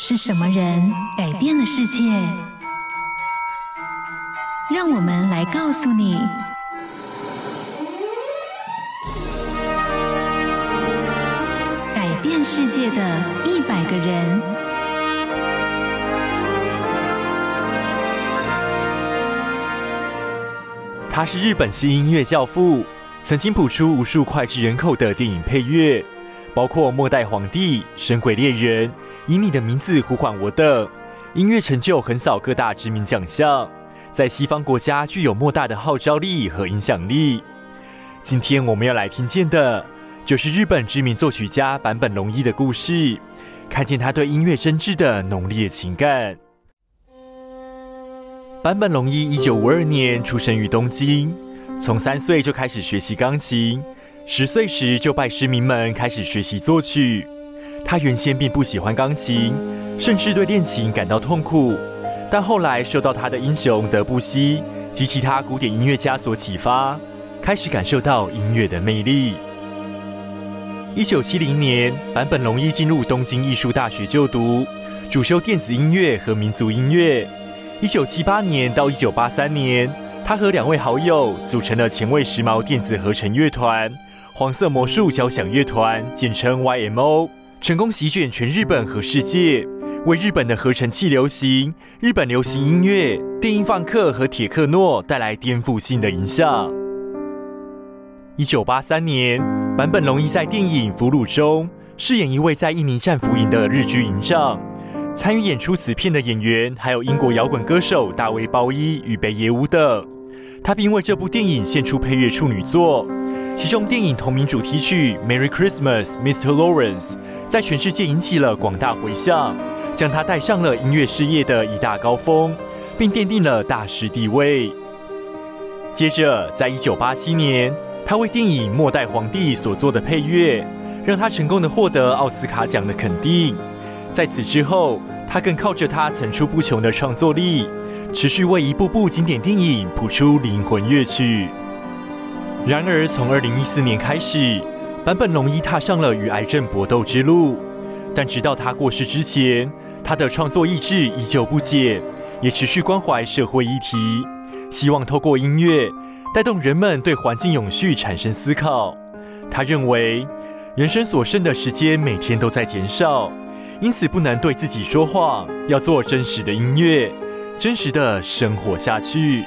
是什麼人改變了世界？讓我們來告訴你：改變世界的一百個人。他是日本新音樂教父，曾經譜出無數膾炙人口的電影配樂。包括末代皇帝、神鬼獵人、以你的名字呼喚我等，音樂成就橫掃各大知名獎項，在西方國家具有莫大的號召力和影響力。今天我們要來聽見的，就是日本知名作曲家坂本龍一的故事，看見他對音樂真摯的濃烈的情感。坂本龍一，一九五二年出生於東京，從三歲就開始學習鋼琴。十歲時就拜師名門開始學習作曲。他原先並不喜歡鋼琴，甚至對練琴感到痛苦。但後來受到他的英雄德布西及其他古典音樂家所啟發，開始感受到音樂的魅力。一九七零年，坂本龍一進入東京藝術大學就讀，主修電子音樂和民族音樂。一九七八年到一九八三年，他和兩位好友組成了前衛時髦電子合成樂團。黃色魔術交響樂團（簡稱 YMO） 成功席捲全日本和世界，為日本的合成器流行、日本流行音樂、電音放克和鐵克諾帶來顛覆性的影響。一九八三年，坂本龍一在電影《俘虜》中飾演一位在印尼戰俘營的日軍營長。參與演出此片的演員還有英國搖滾歌手大衛鮑伊與北野武等。他並為這部電影獻出配樂處女作。其中電影同名主題曲《Merry Christmas, Mr. Lawrence》在全世界引起了廣大回響，將他帶上了音樂事業的一大高峰，並奠定了大師地位。接着，在一九八七年，他為電影《末代皇帝》所做的配樂，讓他成功地獲得奧斯卡獎的肯定。在此之後，他更靠着他層出不窮的創作力，持續為一部部經典電影譜出靈魂樂曲。然而，從二零一四年開始，坂本龍一踏上了與癌症搏鬥之路。但直到他過世之前，他的創作意志依舊不減，也持續關懷社會議題，希望透過音樂帶動人們對環境永續產生思考。他認為，人生所剩的時間每天都在減少，因此不能對自己說謊，要做真實的音樂，真實的生活下去。